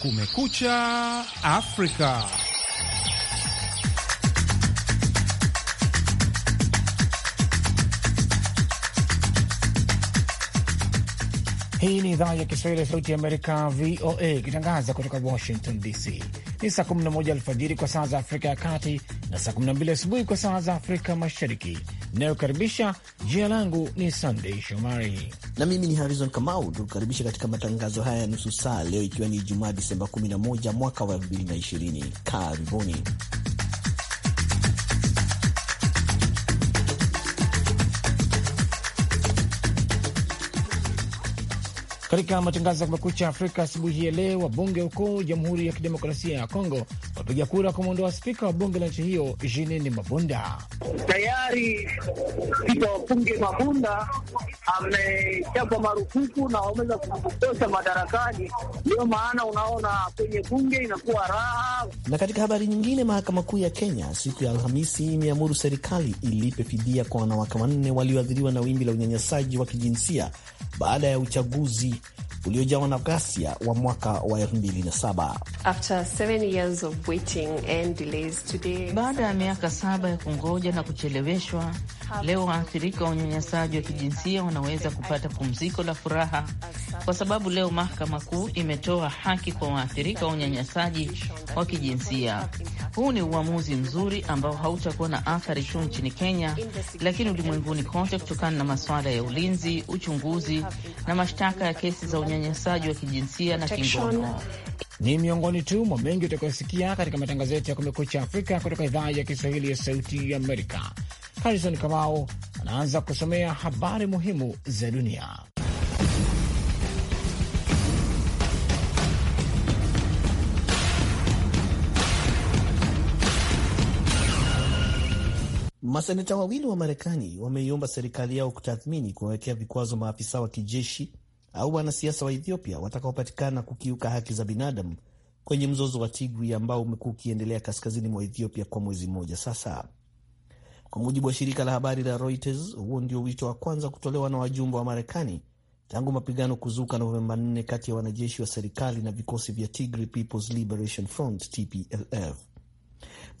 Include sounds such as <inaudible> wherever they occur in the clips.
Kumekucha Afrika. Hii ni idhaa ya Kiswahili ya Sauti ya Amerika, VOA, ikitangaza kutoka Washington DC. Ni saa 11 alfajiri kwa saa za Afrika ya Kati na saa 12 asubuhi kwa saa za Afrika Mashariki. Inayokaribisha, jina langu ni Sandei Shomari na mimi ni Harrison Kamau. Tukukaribisha katika matangazo haya ya nusu saa leo, ikiwa ni Ijumaa Disemba 11 mwaka wa 2020. Karibuni. Katika matangazo ya Kumekucha Afrika asubuhi ya leo, wabunge huko Jamhuri ya Kidemokrasia ya Kongo wapiga kura kumwondoa spika wa bunge la nchi hiyo Jeanine Mabunda. Tayari spika wa bunge Mabunda amechapa marufuku na wameweza kumkosa madarakani, ndiyo maana unaona kwenye bunge inakuwa raha. Na katika habari nyingine, mahakama kuu ya Kenya siku ya Alhamisi imeamuru serikali ilipe fidia kwa wanawake wanne walioathiriwa na wimbi la unyanyasaji wa kijinsia baada ya uchaguzi uliojawa na ghasia wa mwaka wa 2007. Baada ya miaka saba ya kungoja na kucheleweshwa, leo waathirika wa unyanyasaji wa kijinsia wanaweza kupata pumziko la furaha, kwa sababu leo mahakama kuu imetoa haki kwa waathirika wa unyanyasaji wa kijinsia. Huu ni uamuzi mzuri ambao hautakuwa na athari tu nchini Kenya, lakini ulimwenguni kote, kutokana na masuala ya ulinzi, uchunguzi na mashtaka ya kesi za unyanyasaji wa kijinsia na kingono. Ni miongoni tu mwa mengi utakayosikia katika matangazo yetu ya Kumekucha Afrika kutoka idhaa ya Kiswahili ya Sauti ya Amerika. Harison Kamau anaanza kusomea habari muhimu za dunia. Maseneta wawili wa Marekani wameiomba serikali yao kutathmini kuwawekea vikwazo maafisa wa kijeshi au wanasiasa wa Ethiopia watakaopatikana kukiuka haki za binadamu kwenye mzozo wa tigri ambao umekuwa ukiendelea kaskazini mwa Ethiopia kwa mwezi mmoja sasa. Kwa mujibu wa shirika la habari la Reuters, huo ndio wito wa kwanza kutolewa na wajumbe wa Marekani tangu mapigano kuzuka Novemba 4 kati ya wanajeshi wa serikali na vikosi vya Tigri People's Liberation Front TPLF.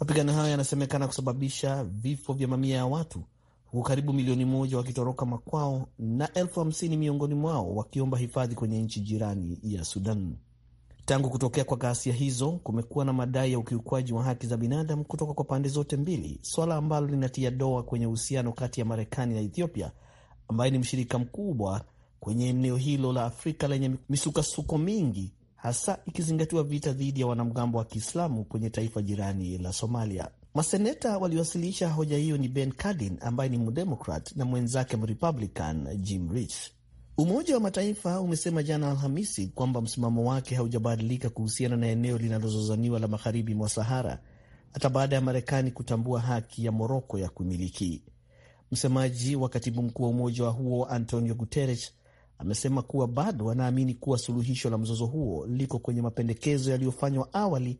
Mapigano hayo yanasemekana kusababisha vifo vya mamia ya watu huku karibu milioni moja wakitoroka makwao na elfu hamsini miongoni mwao wakiomba hifadhi kwenye nchi jirani ya Sudan. Tangu kutokea kwa ghasia hizo, kumekuwa na madai ya ukiukwaji wa haki za binadamu kutoka kwa pande zote mbili, swala ambalo linatia doa kwenye uhusiano kati ya Marekani na Ethiopia, ambaye ni mshirika mkubwa kwenye eneo hilo la Afrika lenye misukasuko mingi, hasa ikizingatiwa vita dhidi ya wanamgambo wa Kiislamu kwenye taifa jirani la Somalia. Maseneta waliwasilisha hoja hiyo ni Ben Cardin ambaye ni mdemokrat na mwenzake mrepublican Jim Rich. Umoja wa Mataifa umesema jana Alhamisi kwamba msimamo wake haujabadilika kuhusiana na eneo linalozozaniwa la magharibi mwa Sahara hata baada ya Marekani kutambua haki ya Moroko ya kumiliki. Msemaji wa katibu mkuu wa umoja wa huo Antonio Guterres amesema kuwa bado anaamini kuwa suluhisho la mzozo huo liko kwenye mapendekezo yaliyofanywa awali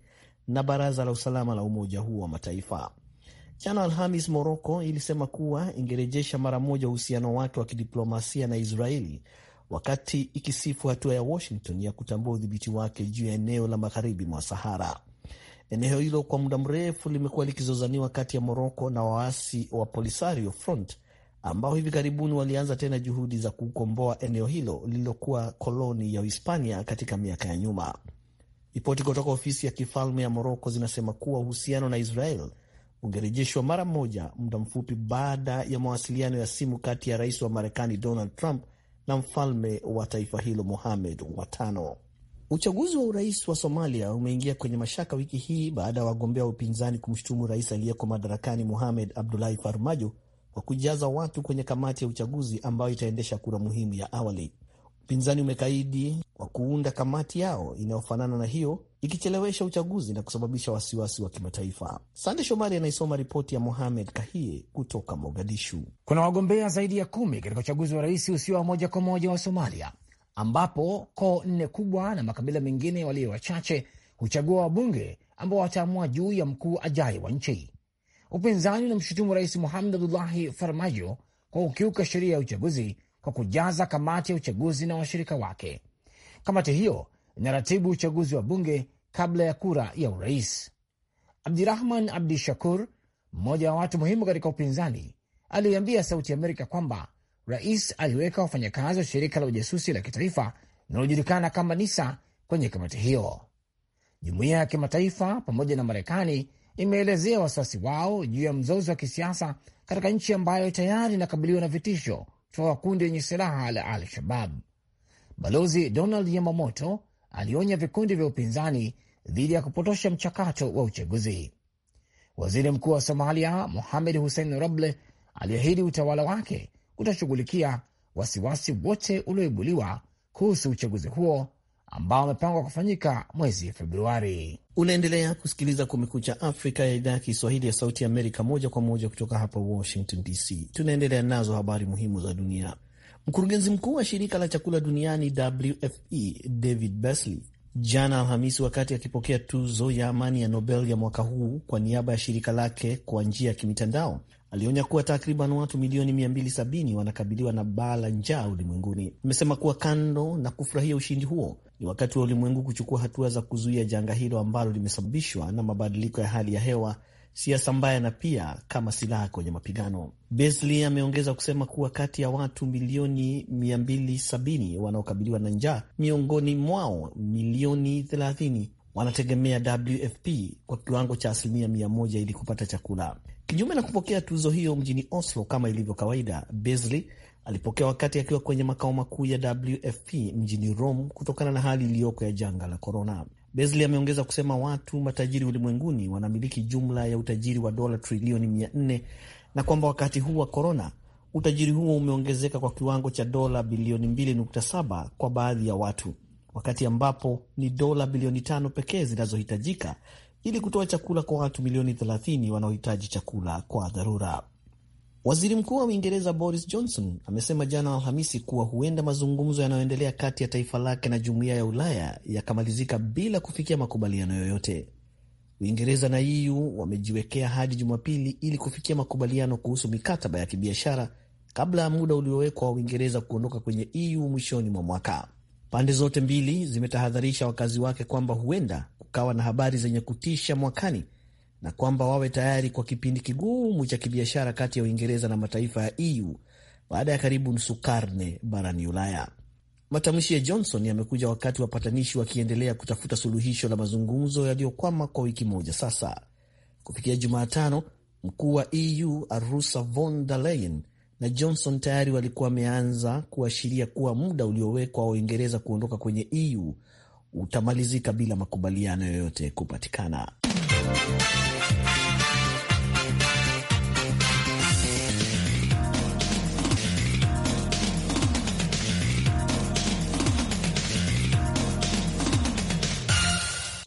na Baraza la Usalama la Umoja huo wa Mataifa. Jana Alhamis, Moroko ilisema kuwa ingerejesha mara moja uhusiano wake wa kidiplomasia na Israeli, wakati ikisifu hatua ya Washington ya kutambua udhibiti wake juu ya eneo la magharibi mwa Sahara. Eneo hilo kwa muda mrefu limekuwa likizozaniwa kati ya Moroko na waasi wa Polisario Front ambao hivi karibuni walianza tena juhudi za kukomboa eneo hilo lililokuwa koloni ya Uhispania katika miaka ya nyuma. Ripoti kutoka ofisi ya kifalme ya Moroko zinasema kuwa uhusiano na Israel ungerejeshwa mara moja, muda mfupi baada ya mawasiliano ya simu kati ya rais wa Marekani Donald Trump na mfalme wa taifa hilo Mohamed wa tano. Uchaguzi wa urais wa Somalia umeingia kwenye mashaka wiki hii baada ya wagombea wa upinzani kumshutumu rais aliyeko madarakani Mohamed Abdullahi Farmajo kwa kujaza watu kwenye kamati ya uchaguzi ambayo itaendesha kura muhimu ya awali. Upinzani umekaidi kwa kuunda kamati yao inayofanana na hiyo ikichelewesha uchaguzi na kusababisha wasiwasi wa kimataifa. Sande Shomari anaisoma ripoti ya Mohamed Kahie kutoka Mogadishu. Kuna wagombea zaidi ya kumi katika uchaguzi wa rais usio wa moja kwa moja wa Somalia, ambapo koo nne kubwa na makabila mengine walio wachache huchagua wabunge ambao wataamua juu ya mkuu ajaye wa nchi. Upinzani unamshutumu rais Mohamed Abdullahi Farmajo kwa kukiuka sheria ya uchaguzi kwa kujaza kamati ya uchaguzi na washirika wake. Kamati hiyo inaratibu uchaguzi wa bunge kabla ya kura ya urais. Abdirahman Abdi Shakur, mmoja wa watu muhimu katika upinzani, aliambia Sauti Amerika kwamba rais aliweka wafanyakazi wa shirika la ujasusi la kitaifa linalojulikana kama NISA kwenye kamati hiyo. Jumuiya ya kimataifa pamoja na Marekani imeelezea wasiwasi wao juu ya mzozo wa kisiasa katika nchi ambayo tayari inakabiliwa na vitisho kutoka kundi lenye silaha la Al-Shabab. Balozi Donald Yamamoto alionya vikundi vya upinzani dhidi ya kupotosha mchakato wa uchaguzi. Waziri mkuu wa Somalia Mohamed Hussein Roble aliahidi utawala wake utashughulikia wasiwasi wote ulioibuliwa kuhusu uchaguzi huo ambao umepangwa kufanyika mwezi Februari. Unaendelea kusikiliza Kumekucha Afrika ya idhaa ya Kiswahili ya Sauti Amerika, moja kwa moja kutoka hapa Washington DC. Tunaendelea nazo habari muhimu za dunia. Mkurugenzi mkuu wa shirika la chakula duniani WFP e, David Beasley jana Alhamisi, wakati akipokea tuzo ya amani ya Nobel ya mwaka huu kwa niaba ya shirika lake kwa njia ya kimitandao, alionya kuwa takriban watu milioni 270 wanakabiliwa na baa la njaa ulimwenguni. Amesema kuwa kando na kufurahia ushindi huo ni wakati wa ulimwengu kuchukua hatua za kuzuia janga hilo ambalo limesababishwa na mabadiliko ya hali ya hewa, siasa mbaya na pia kama silaha kwenye mapigano. Beasley ameongeza kusema kuwa kati ya watu milioni 270 wanaokabiliwa na njaa, miongoni mwao milioni 30 wanategemea WFP kwa kiwango cha asilimia 100 ili kupata chakula. Kinyume na kupokea tuzo hiyo mjini Oslo kama ilivyo kawaida, Beasley alipokea wakati akiwa kwenye makao makuu ya WFP mjini Rome kutokana na hali iliyoko ya janga la korona. bezli ameongeza kusema watu matajiri ulimwenguni wanamiliki jumla ya utajiri wa dola trilioni 400 na kwamba wakati huu wa korona utajiri huo umeongezeka kwa kiwango cha dola bilioni 2.7 kwa baadhi ya watu, wakati ambapo ni dola bilioni tano pekee zinazohitajika ili kutoa chakula kwa watu milioni 30 wanaohitaji chakula kwa dharura. Waziri Mkuu wa Uingereza Boris Johnson amesema jana Alhamisi kuwa huenda mazungumzo yanayoendelea kati ya taifa lake na jumuiya ya Ulaya yakamalizika bila kufikia makubaliano yoyote. Uingereza na EU wamejiwekea hadi Jumapili ili kufikia makubaliano kuhusu mikataba ya kibiashara kabla ya muda uliowekwa wa Uingereza kuondoka kwenye EU mwishoni mwa mwaka. Pande zote mbili zimetahadharisha wakazi wake kwamba huenda kukawa na habari zenye kutisha mwakani na kwamba wawe tayari kwa kipindi kigumu cha kibiashara kati ya Uingereza na mataifa ya EU baada ya karibu nusu karne barani Ulaya. Matamshi ya Johnson yamekuja wakati wapatanishi wakiendelea kutafuta suluhisho la mazungumzo yaliyokwama kwa wiki moja sasa. Kufikia Jumatano, mkuu wa EU Ursula von der Leyen na Johnson tayari walikuwa wameanza kuashiria kuwa muda uliowekwa wa Uingereza kuondoka kwenye EU utamalizika bila makubaliano yoyote kupatikana.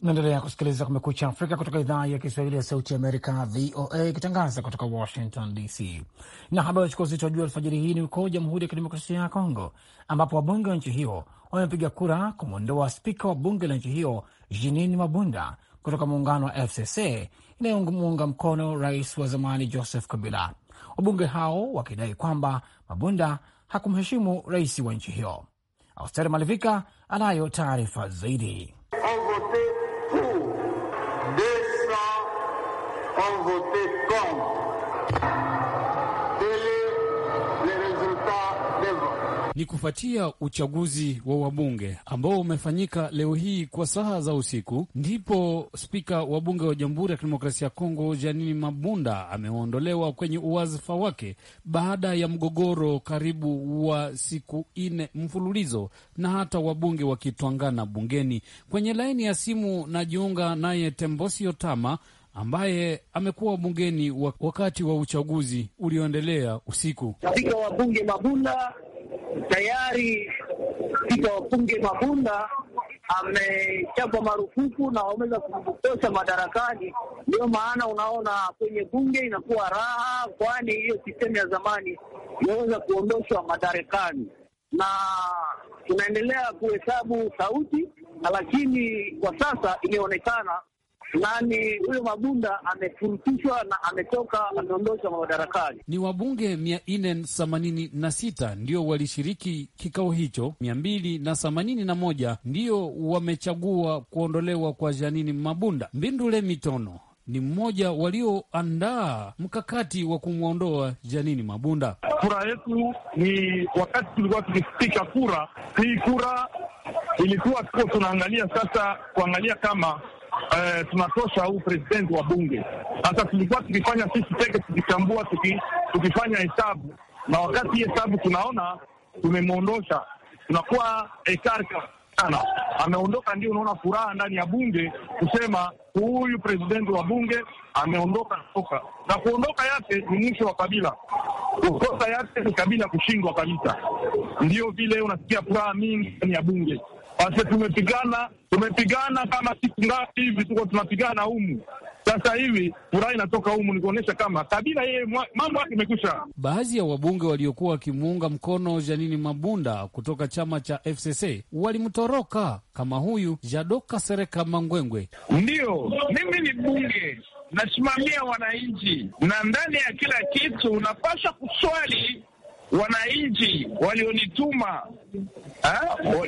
Naendelea kusikiliza Kumekucha Afrika kutoka idhaa ya Kiswahili ya Sauti Amerika, VOA, ikitangaza kutoka Washington DC. Na habari chukua uzito wa juu alfajiri hii ni huko Jamhuri ya Kidemokrasia ya Kongo, ambapo wabunge wa nchi hiyo wamepiga kura kumwondoa spika wa bunge la nchi hiyo Jeanine Mabunda kutoka muungano wa FCC inayomuunga mkono rais wa zamani Joseph Kabila, wabunge hao wakidai kwamba Mabunda hakumheshimu rais wa nchi hiyo. austeri Malivika anayo taarifa zaidi. ni kufuatia uchaguzi wa wabunge ambao umefanyika leo hii kwa saa za usiku, ndipo spika wa bunge wa Jamhuri ya Kidemokrasia ya Kongo Janini Mabunda ameondolewa kwenye uwazifa wake baada ya mgogoro karibu wa siku nne mfululizo na hata wabunge wakitwangana bungeni. Kwenye laini ya simu najiunga naye Tembosi Otama ambaye amekuwa bungeni wakati wa uchaguzi ulioendelea usiku. Spika wa bunge Mabunda tayari Peter Wapunge Mabunda amechapa marufuku na wameweza kumtosha madarakani. ndio maana unaona kwenye bunge inakuwa raha, kwani hiyo sistemu ya zamani imeweza kuondoshwa madarakani na tunaendelea kuhesabu sauti, lakini kwa sasa imeonekana nani huyo Mabunda amefurutishwa na ametoka ameondoshwa madarakani. Ni wabunge mia nne themanini na sita ndio walishiriki kikao hicho, mia mbili na themanini na moja ndio wamechagua kuondolewa kwa Janini Mabunda. Mbindule Mitono ni mmoja walioandaa mkakati wa kumwondoa Janini Mabunda. Kura yetu ni wakati tulikuwa tukipiga kura hii, kura ilikuwa tuko tunaangalia sasa kuangalia kama eh, tunatosha huu president wa bunge. Sasa tulikuwa tukifanya sisi peke tukichambua, tuki, tukifanya hesabu, na wakati hesabu tunaona tumemwondosha, tunakuwa ekarka sana ameondoka, ndio unaona furaha ndani ya bunge kusema huyu president wa bunge ameondoka toka. Na kuondoka yake ni mwisho wa Kabila, kukosa yake ni Kabila kushindwa kabisa. Ndio vile unasikia furaha mingi ndani ya bunge. Wase tumepigana tumepigana kama siku ngapi hivi, tuko tunapigana humu sasa hivi, furaha inatoka humu, nikuonyesha kama Kabila yeye mambo yake imekusha. Baadhi ya wabunge waliokuwa wakimuunga mkono Janini Mabunda kutoka chama cha FCC walimtoroka kama huyu Jadoka Sereka Mangwengwe. Ndiyo, mimi ni bunge nasimamia wananchi, na ndani ya kila kitu unapaswa kuswali wananchi walionituma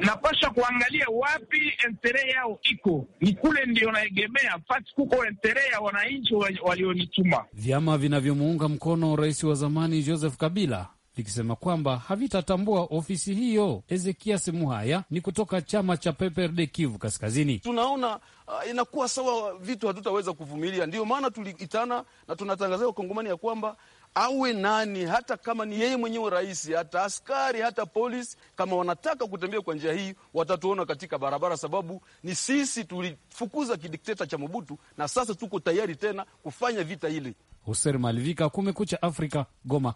napasha kuangalia wapi entere yao iko ni kule ndio naegemea pasi kuko entere ya wananchi walionituma. Vyama vinavyomuunga mkono rais wa zamani Joseph Kabila vikisema kwamba havitatambua ofisi hiyo. Ezekias Muhaya ni kutoka chama cha PPRD Kivu Kaskazini. Tunaona uh, inakuwa sawa, vitu hatutaweza kuvumilia, ndiyo maana tuliitana na tunatangazia Wakongomani ya kwamba awe nani, hata kama ni yeye mwenyewe rais, hata askari, hata polisi, kama wanataka kutembea kwa njia hii watatuona katika barabara, sababu ni sisi tulifukuza kidikteta cha Mobutu na sasa tuko tayari tena kufanya vita hili Hoser Malivika, Kumekucha Afrika, Goma.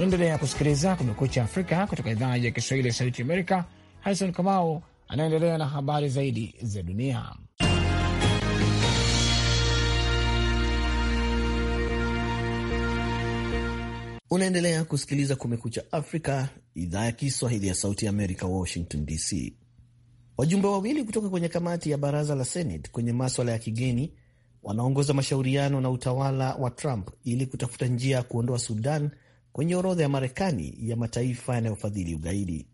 Unaendelea kusikiliza Kumekucha Afrika kutoka idhaa ya Kiswahili ya Sauti Amerika. Harison Kamau anaendelea na habari zaidi za dunia. Unaendelea kusikiliza Kumekucha Afrika, idhaa ya Kiswahili ya Sauti Amerika, Washington DC. Wajumbe wawili kutoka kwenye kamati ya baraza la Senate kwenye maswala ya kigeni wanaongoza mashauriano na utawala wa Trump ili kutafuta njia ya kuondoa Sudan kwenye orodha ya Marekani ya mataifa yanayofadhili ugaidi.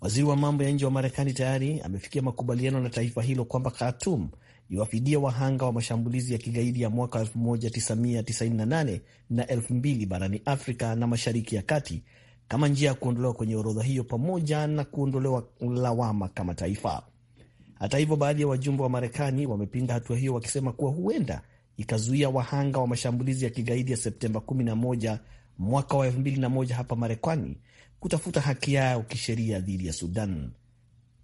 Waziri wa mambo ya nje wa Marekani tayari amefikia makubaliano na taifa hilo kwamba Khartoum iwafidia wahanga wa mashambulizi ya kigaidi ya mwaka 1998 na 2000 barani Afrika na Mashariki ya Kati kama njia ya kuondolewa kwenye orodha hiyo pamoja na kuondolewa lawama kama taifa. Hata hivyo, baadhi ya wajumbe wa Marekani wamepinga hatua hiyo wakisema kuwa huenda ikazuia wahanga wa mashambulizi ya kigaidi ya Septemba mwaka wa moja hapa Marekani kutafuta haki yao kisheria dhidi ya Sudan.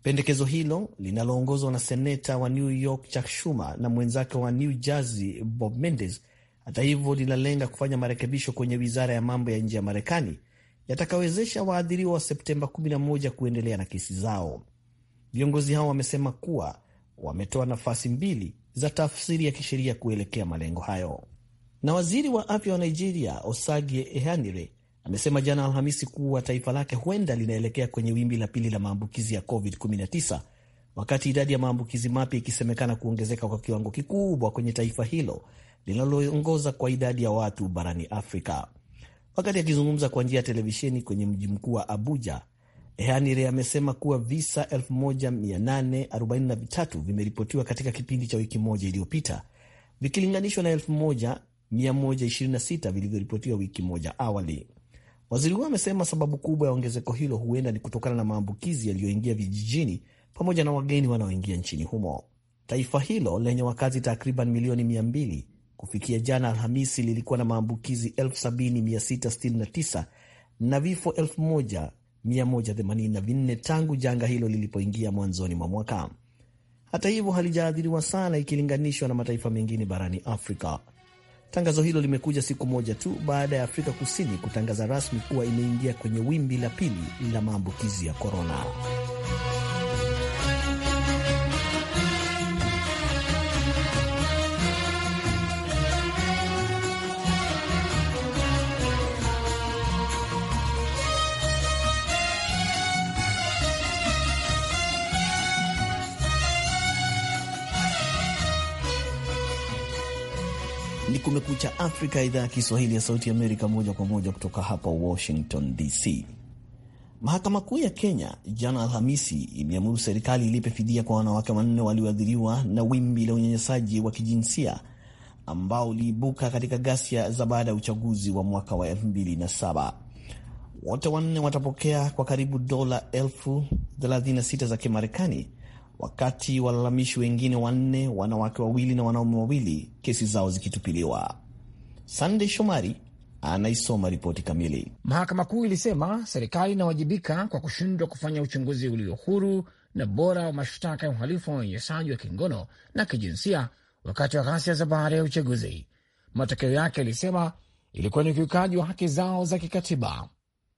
Pendekezo hilo linaloongozwa na seneta wa New York Chuck Schumer na mwenzake wa New Jersey Bob Mendes, hata hivyo, linalenga kufanya marekebisho kwenye wizara ya mambo ya nje ya Marekani yatakawezesha waadhiriwa wa Septemba 11 kuendelea na kesi zao. Viongozi hao wamesema kuwa wametoa nafasi mbili za tafsiri ya kisheria kuelekea malengo hayo. Na waziri wa afya wa Nigeria Osagie Ehanire amesema jana Alhamisi kuwa taifa lake huenda linaelekea kwenye wimbi la pili la maambukizi ya COVID-19 wakati idadi ya maambukizi mapya ikisemekana kuongezeka kwa kiwango kikubwa kwenye taifa hilo linaloongoza kwa idadi ya watu barani Afrika. Wakati akizungumza kwa njia ya televisheni kwenye mji mkuu wa Abuja, Ehanire amesema kuwa visa 1843 vimeripotiwa katika kipindi cha wiki moja iliyopita vikilinganishwa na 126 vilivyoripotiwa wiki moja awali. Waziri huyo amesema sababu kubwa ya ongezeko hilo huenda ni kutokana na maambukizi yaliyoingia vijijini pamoja na wageni wanaoingia nchini humo. Taifa hilo lenye wakazi takriban milioni 200 kufikia jana Alhamisi lilikuwa na maambukizi 70669 na vifo 1184 tangu janga hilo lilipoingia mwanzoni mwa mwaka. Hata hivyo, halijaathiriwa sana ikilinganishwa na mataifa mengine barani Afrika. Tangazo hilo limekuja siku moja tu baada ya Afrika Kusini kutangaza rasmi kuwa imeingia kwenye wimbi la pili la maambukizi ya korona. Kumekucha Afrika, idhaa ya Kiswahili ya Sauti Amerika, moja kwa moja kutoka hapa Washington DC. Mahakama Kuu ya Kenya jana Alhamisi imeamuru serikali ilipe fidia kwa wanawake wanne walioathiriwa na wimbi la unyanyasaji wa kijinsia ambao uliibuka katika ghasia za baada ya uchaguzi wa mwaka wa 2007. Wote wanne watapokea kwa karibu dola elfu 36 za Kimarekani wakati walalamishi wengine wanne, wanawake wawili na wanaume wawili, kesi zao zikitupiliwa. Sandey Shomari anaisoma ripoti kamili. Mahakama Kuu ilisema serikali inawajibika kwa kushindwa kufanya uchunguzi ulio huru na bora wa mashtaka ya uhalifu wa unyanyasaji wa kingono na kijinsia wakati wa ghasia za baada ya uchaguzi. Matokeo yake, ilisema ilikuwa ni ukiukaji wa haki zao za kikatiba.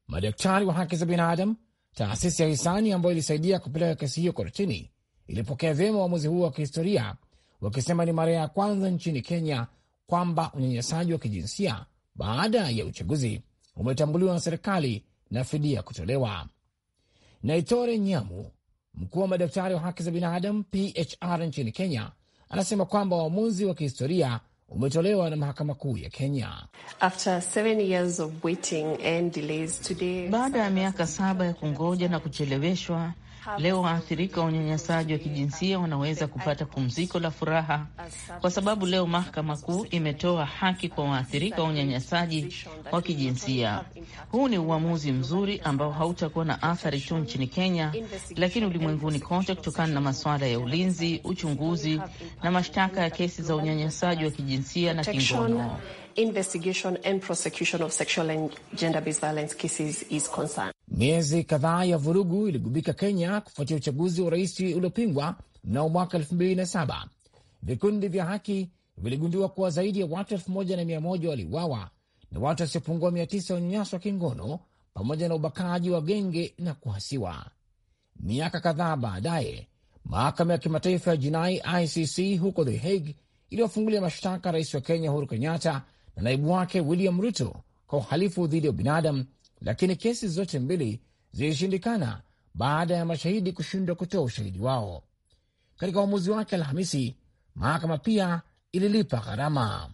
Madaktari wa haki za binadamu, taasisi ya hisani ambayo ilisaidia kupeleka kesi hiyo kortini, ilipokea vyema uamuzi huo wa kihistoria, wakisema ni mara ya kwanza nchini Kenya kwamba unyanyasaji wa kijinsia baada ya uchaguzi umetambuliwa na serikali na fidia kutolewa. Naitore Nyamu, mkuu wa madaktari wa haki za binadamu PHR nchini Kenya, anasema kwamba uamuzi wa kihistoria umetolewa na mahakama kuu ya Kenya baada ya miaka saba ya kungoja na kucheleweshwa. Leo waathirika wa unyanyasaji wa kijinsia wanaweza kupata pumziko la furaha kwa sababu leo mahakama kuu imetoa haki kwa waathirika wa unyanyasaji wa kijinsia. Huu ni uamuzi mzuri ambao hautakuwa na athari tu nchini Kenya, lakini ulimwenguni kote, kutokana na masuala ya ulinzi, uchunguzi na mashtaka ya kesi za unyanyasaji wa kijinsia na kingono investigation and prosecution of sexual and gender-based violence cases is concerned. Miezi kadhaa ya vurugu iligubika Kenya kufuatia uchaguzi wa rais uliopingwa mnamo mwaka 2007. Vikundi vya haki viligundua kuwa zaidi ya watu 1100 waliuawa na watu wasiopungua 900 wanyanyaswa kingono pamoja na ubakaji wa genge na kuhasiwa. Miaka kadhaa baadaye, mahakama ya kimataifa ya jinai ICC huko The Hague iliwafungulia mashtaka rais wa Kenya Uhuru Kenyatta na naibu wake William Ruto kwa uhalifu dhidi ya ubinadamu, lakini kesi zote mbili zilishindikana baada ya mashahidi kushindwa kutoa ushahidi wao. Katika uamuzi wake Alhamisi, mahakama pia ililipa gharama.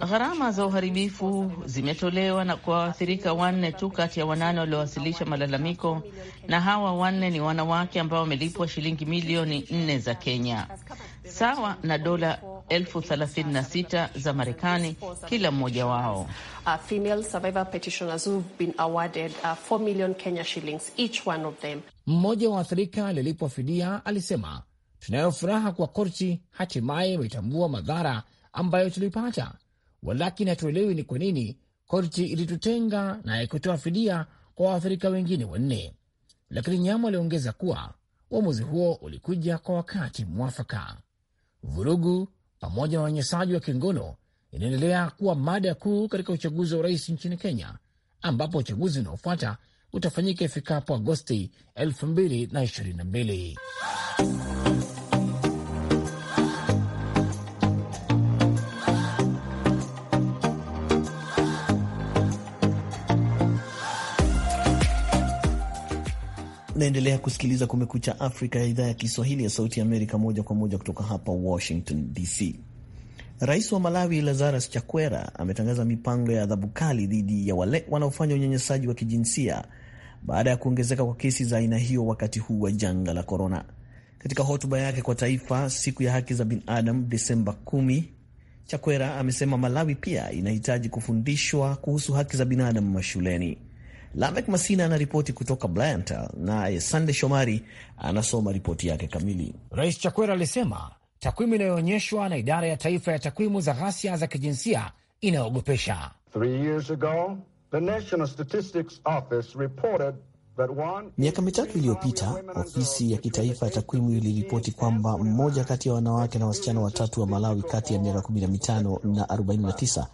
Uh, gharama za uharibifu zimetolewa na kwa waathirika wanne tu kati ya wanane waliowasilisha malalamiko, na hawa wanne ni wanawake ambao wamelipwa shilingi milioni nne za Kenya sawa na dola elfu thelathini na sita za Marekani kila mmoja wao. Uh, mmoja wa waathirika alilipwa fidia alisema, tunayo furaha kwa korti hatimaye imetambua madhara ambayo tulipata, walakini hatuelewi ni kwa nini korti ilitutenga na ikutoa fidia kwa waathirika wengine wanne. Lakini Nyamo aliongeza kuwa uamuzi huo ulikuja kwa wakati mwafaka vurugu pamoja na unyanyasaji wa kingono inaendelea kuwa mada kuu katika uchaguzi wa urais nchini Kenya, ambapo uchaguzi unaofuata utafanyika ifikapo Agosti 2022. Naendelea kusikiliza Kumekucha Afrika ya idhaa ya Kiswahili ya Sauti ya Amerika, moja kwa moja kutoka hapa Washington DC. Rais wa Malawi Lazarus Chakwera ametangaza mipango ya adhabu kali dhidi ya wale wanaofanya unyanyasaji wa kijinsia baada ya kuongezeka kwa kesi za aina hiyo wakati huu wa janga la korona. Katika hotuba yake kwa taifa siku ya haki za binadamu Desemba 10, Chakwera amesema Malawi pia inahitaji kufundishwa kuhusu haki za binadamu mashuleni. Lamek Masina anaripoti kutoka Blanta, naye Sande Shomari anasoma ripoti yake kamili. Rais Chakwera alisema takwimu inayoonyeshwa na idara ya taifa ya takwimu za ghasia za kijinsia inayoogopesha. Miaka mitatu iliyopita ofisi ya kitaifa ya takwimu iliripoti kwamba mmoja kati ya wanawake na wasichana watatu wa Malawi kati ya miaka 15 na 49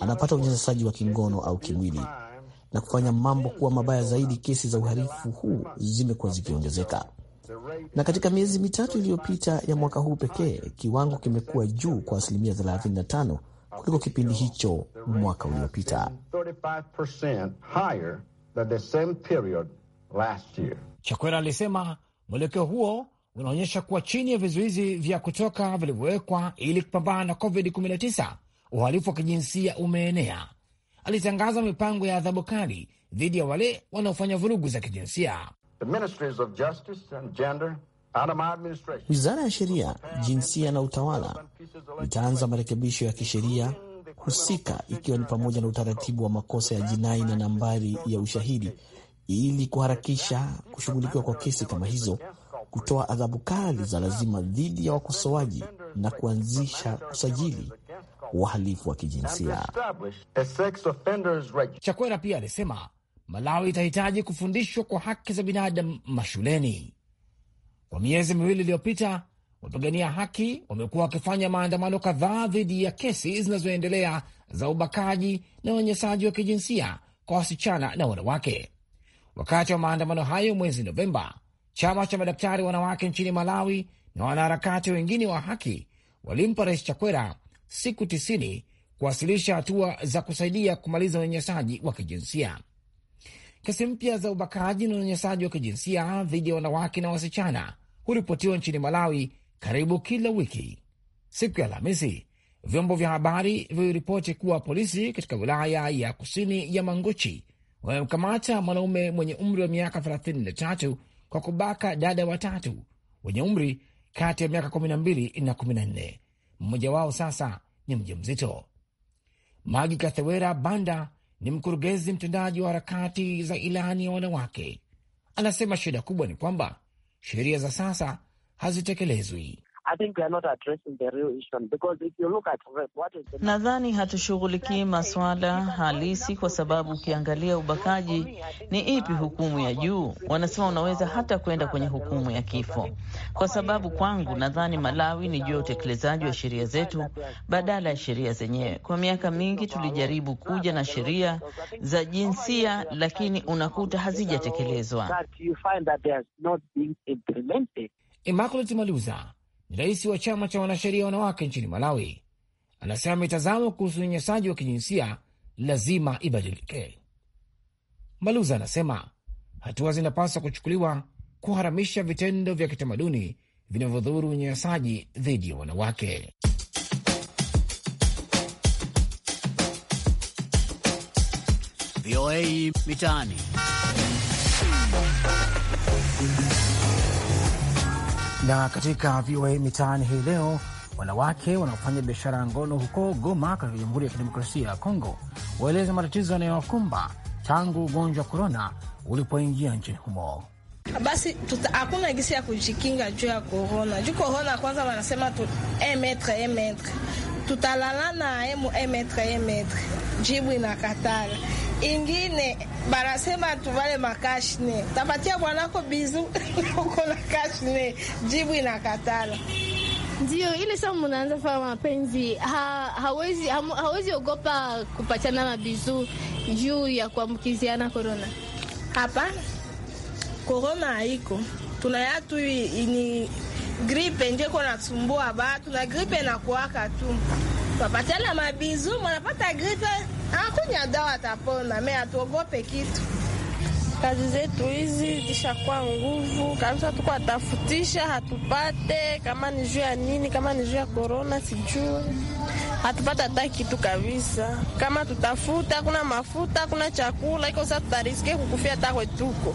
anapata unyanyasaji wa kingono au kimwili na kufanya mambo kuwa mabaya zaidi, kesi za uhalifu huu zimekuwa zikiongezeka. Na katika miezi mitatu iliyopita ya mwaka huu pekee, kiwango kimekuwa juu kwa asilimia 35 kuliko kipindi hicho mwaka uliopita. Chakwera alisema mwelekeo huo unaonyesha kuwa chini ya vizuizi vya kutoka vilivyowekwa ili kupambana na COVID-19, uhalifu wa kijinsia umeenea alitangaza mipango ya adhabu kali dhidi ya wale wanaofanya vurugu za kijinsia. Wizara ya Sheria, Jinsia na Utawala itaanza marekebisho ya kisheria husika, ikiwa ni pamoja na utaratibu wa makosa ya jinai na nambari ya ushahidi, ili kuharakisha kushughulikiwa kwa kesi kama hizo, kutoa adhabu kali za lazima dhidi ya wakosoaji na kuanzisha usajili uhalifu wa kijinsia. Chakwera pia alisema Malawi itahitaji kufundishwa kwa haki za binadamu mashuleni. Kwa miezi miwili iliyopita, wapigania haki wamekuwa wakifanya maandamano kadhaa dhidi ya kesi zinazoendelea za ubakaji na unyanyasaji wa kijinsia kwa wasichana na wanawake. Wakati wa maandamano hayo mwezi Novemba, chama cha madaktari wanawake nchini Malawi na wanaharakati wengine wa haki walimpa Rais Chakwera siku tisini kuwasilisha hatua za kusaidia kumaliza unyanyasaji wa kijinsia. Kesi mpya za ubakaji na unyanyasaji wa kijinsia dhidi ya wanawake na wasichana huripotiwa nchini Malawi karibu kila wiki. Siku ya Alhamisi, vyombo vya habari viliripoti kuwa polisi katika wilaya ya kusini ya Manguchi wamemkamata mwanaume mwenye umri wa miaka 33 kwa kubaka dada watatu wenye umri kati ya miaka 12 na 14 mmoja wao sasa ni mzito Magi Kathewera Banda ni mkurugenzi mtendaji wa harakati za ilani ya wanawake, anasema shida kubwa ni kwamba sheria za sasa hazitekelezwi. Nadhani hatushughulikii masuala halisi, kwa sababu ukiangalia ubakaji ni ipi hukumu ya juu? Wanasema unaweza hata kwenda kwenye hukumu ya kifo, kwa sababu kwangu nadhani Malawi ni juu ya utekelezaji wa sheria zetu badala ya sheria zenyewe. Kwa miaka mingi tulijaribu kuja na sheria za jinsia, lakini unakuta hazijatekelezwa. Immaculate Maluza ni rais wa chama cha wanasheria wanawake nchini Malawi, anasema mitazamo kuhusu unyanyasaji wa kijinsia lazima ibadilike. Maluza anasema hatua zinapaswa kuchukuliwa kuharamisha vitendo vya kitamaduni vinavyodhuru unyanyasaji dhidi ya wanawake. VOA Mitaani. Na katika VOA Mitaani hii leo, wanawake wanaofanya biashara ya ngono huko Goma katika Jamhuri ya Kidemokrasia ya Kongo waeleza matatizo yanayowakumba tangu ugonjwa wa korona ulipoingia nchini humo. Basi hakuna gisi ya kujikinga juu ya korona. Juu korona kwanza wanasema tu emetre emetre, tutalala na emu emetre emetre, jibu inakatala ingine barasema tuvale makashne, tapatia bwanako bizu <laughs> uko na kashne, jibu inakatala. Ndio ile sa munaanza fanya mapenzi ha, hawezi, ha, hawezi ogopa kupachana mabizu juu ya kuambukiziana korona. Hapana, korona haiko, tunayatu ni gripe ndio konasumbua ba, tuna gripe kuaka tu wapatiana mabizu, mwanapata gripe, akunywa dawa atapona. Me atuogope kitu Kazi zetu hizi zishakuwa nguvu kabisa, tuko atafutisha hatupate, kama ni juu ya nini, kama ni juu ya korona sijue, hatupate hata kitu kabisa. Kama tutafuta, kuna mafuta, kuna chakula iko, sasa tutariske kukufia hata tuko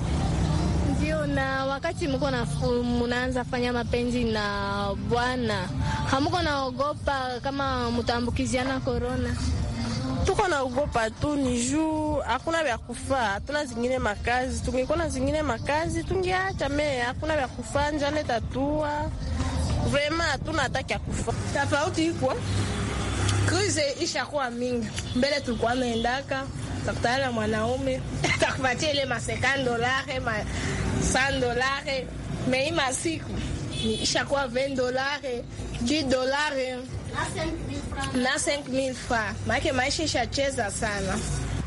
na wakati mko na mnaanza fanya mapenzi na bwana, hamuko naogopa kama mtaambukiziana korona? Tuko naogopa tu, ni juu hakuna vya kufaa, hatuna zingine makazi. Tungekuwa na zingine makazi tungeacha me, hakuna vya kufaa, njane tatua vrema, hatuna hataki ya kufaa. Tofauti iko krize ishakuwa mingi, mbele tulikuwa naendaka utakutana na mwanaume atakupatia ile ishakuwa ven dolare dolare na 5000 fa maake maisha ishacheza sana.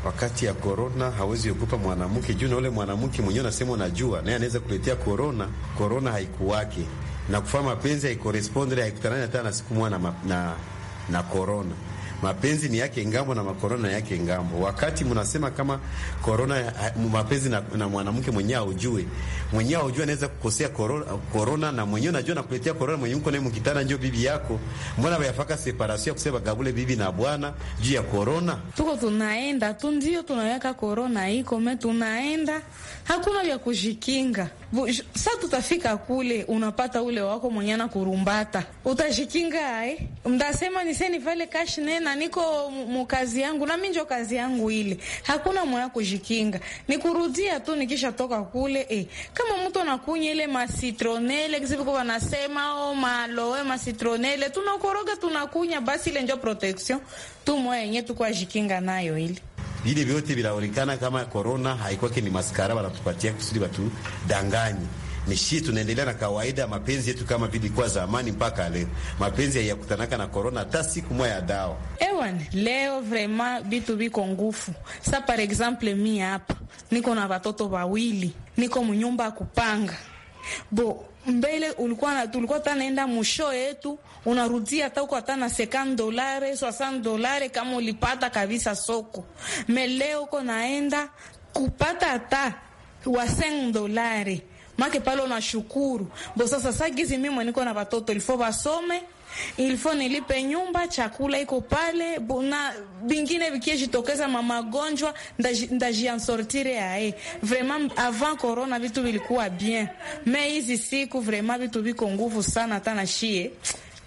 Wakati ya korona hawezi ogopa mwanamke juu na ule mwanamke mwenyewe nasema, unajua naye anaweza kuletea korona. Korona haikuwake na kufaa mapenzi haikoresponde haikutanani hata na siku mwana na na korona mapenzi ni yake ngambo na makorona yake ngambo. Wakati mnasema kama korona mapenzi na, na mwanamke mwenyewe aujue mwenyewe aujue anaweza kukosea korona na mwenyewe najua nakuletea korona mwenye mko naye mkitana njoo bibi yako, mbona bayafaka separasio ya kusema gabule bibi na bwana juu ya korona. Tuko tunaenda tu ndio tunaweka korona iko me tunaenda, hakuna vya kujikinga sa tutafika kule, unapata ule wako na kurumbata, utashikinga ai, eh? mtasema niseni vale cash nena, niko mukazi yangu na minjo kazi yangu ile, hakuna moya kushikinga, nikurudia tu nikisha toka kule eh, kama mtu anakunya ile masitronele kisiviko wanasema o oh, maloe masitronele, tunakoroga tunakunya, basi ile njo protection tu moya yenye tukwa jikinga nayo ile vile vyote vinaonekana kama korona haikwake ni maskara, wanatupatia kusudi watudanganye ni shi tunaendelea na kawaida mapenzi yetu kama vilikuwa zamani mpaka leo. Mapenzi haiyakutanaka na korona hata siku moja ya dawa ewan. Leo vrema vitu viko ngufu. Sa par example mi hapa niko na watoto wawili, niko mnyumba ya kupanga bo mbele ulikuwa tulikuwa tanaenda musho yetu unarudia hata uko hata na sekan dolare swasan dolare kama ulipata kabisa soko meleo uko naenda kupata hata wasen dolare make pale unashukuru bo sasa sagizi mimi niko na watoto ilifo basome ilifo nilipe nyumba, chakula iko pale na vingine vikiejitokeza, mamagonjwa ndajiansortire ae. Vraiment avant corona vitu vilikuwa bien, me hizi siku vraiment vitu viko nguvu sana, hata na shie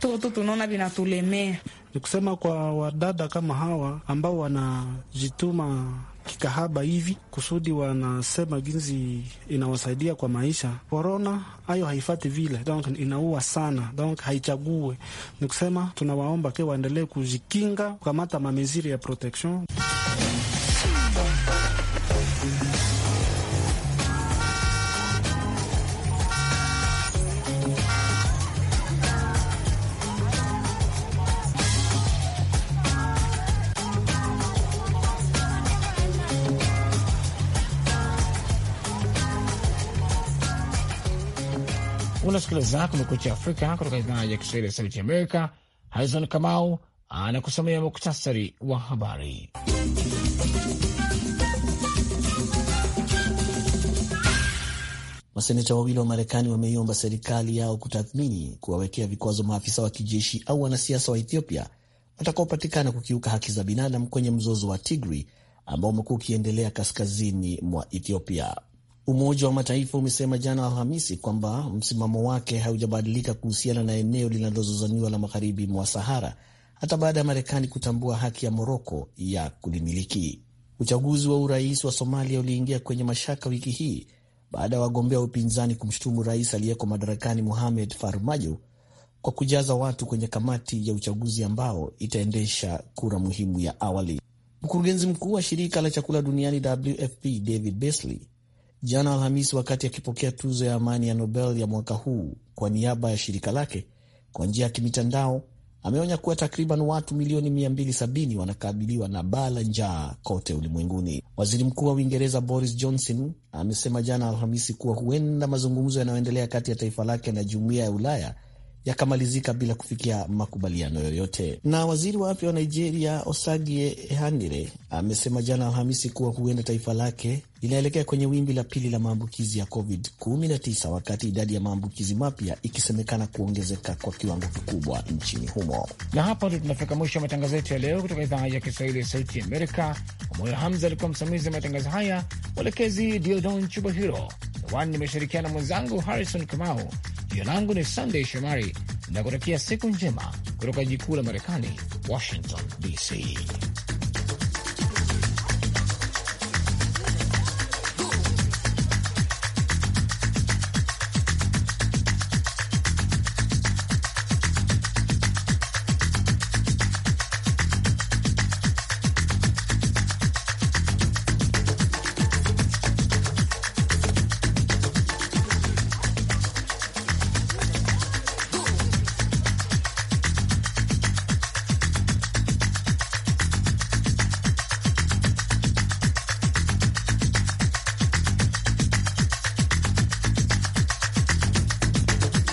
tutu tunaona vinatulemea. nikusema kwa wadada kama hawa ambao wanajituma kikahaba hivi kusudi wanasema jinsi inawasaidia kwa maisha. Korona hayo haifati vile, donc inaua sana, donc haichague. Ni kusema tunawaomba ke waendelee kujikinga, kukamata mameziri ya protection unasikiliza Kumekucha Afrika kutoka idhaa ya Kiswahili ya Sauti Amerika. Harizon Kamau anakusomea muktasari wa habari. Maseneta wawili wa Marekani wameiomba serikali yao kutathmini kuwawekea vikwazo maafisa wa kijeshi au wanasiasa wa Ethiopia watakaopatikana kukiuka haki za binadamu kwenye mzozo wa Tigri ambao umekuwa ukiendelea kaskazini mwa Ethiopia. Umoja wa Mataifa umesema jana Alhamisi kwamba msimamo wake haujabadilika kuhusiana na eneo linalozozaniwa la magharibi mwa Sahara hata baada ya Marekani kutambua haki ya Moroko ya kulimiliki. Uchaguzi wa urais wa Somalia uliingia kwenye mashaka wiki hii baada ya wagombea wa upinzani kumshutumu rais aliyeko madarakani Mohamed Farmajo kwa kujaza watu kwenye kamati ya uchaguzi ambao itaendesha kura muhimu ya awali. Mkurugenzi mkuu wa shirika la chakula duniani WFP David Beasley jana Alhamisi wakati akipokea tuzo ya amani ya Nobel ya mwaka huu kwa niaba ya shirika lake kwa njia ya kimitandao, ameonya kuwa takriban watu milioni 270 wanakabiliwa na baa la njaa kote ulimwenguni. Waziri Mkuu wa Uingereza Boris Johnson amesema jana Alhamisi kuwa huenda mazungumzo yanayoendelea kati ya taifa lake na jumuiya ya Ulaya yakamalizika bila kufikia makubaliano yoyote. Na waziri wa afya wa Nigeria Osagie hanire amesema jana Alhamisi kuwa huenda taifa lake linaelekea kwenye wimbi la pili la maambukizi ya COVID-19 wakati idadi ya maambukizi mapya ikisemekana kuongezeka kwa kiwango kikubwa nchini humo. Na hapo ndio tunafika mwisho wa matangazo yetu ya leo kutoka idhaa ya Kiswahili ya Sauti Amerika. Mwamoyo Hamza alikuwa msimamizi wa matangazo haya, mwelekezi Diodon Chubahiro. Hewani nimeshirikiana mwenzangu Harrison Kamau. Jina langu ni Sandey Shomari na kutakia siku njema kutoka jikuu la Marekani, Washington DC.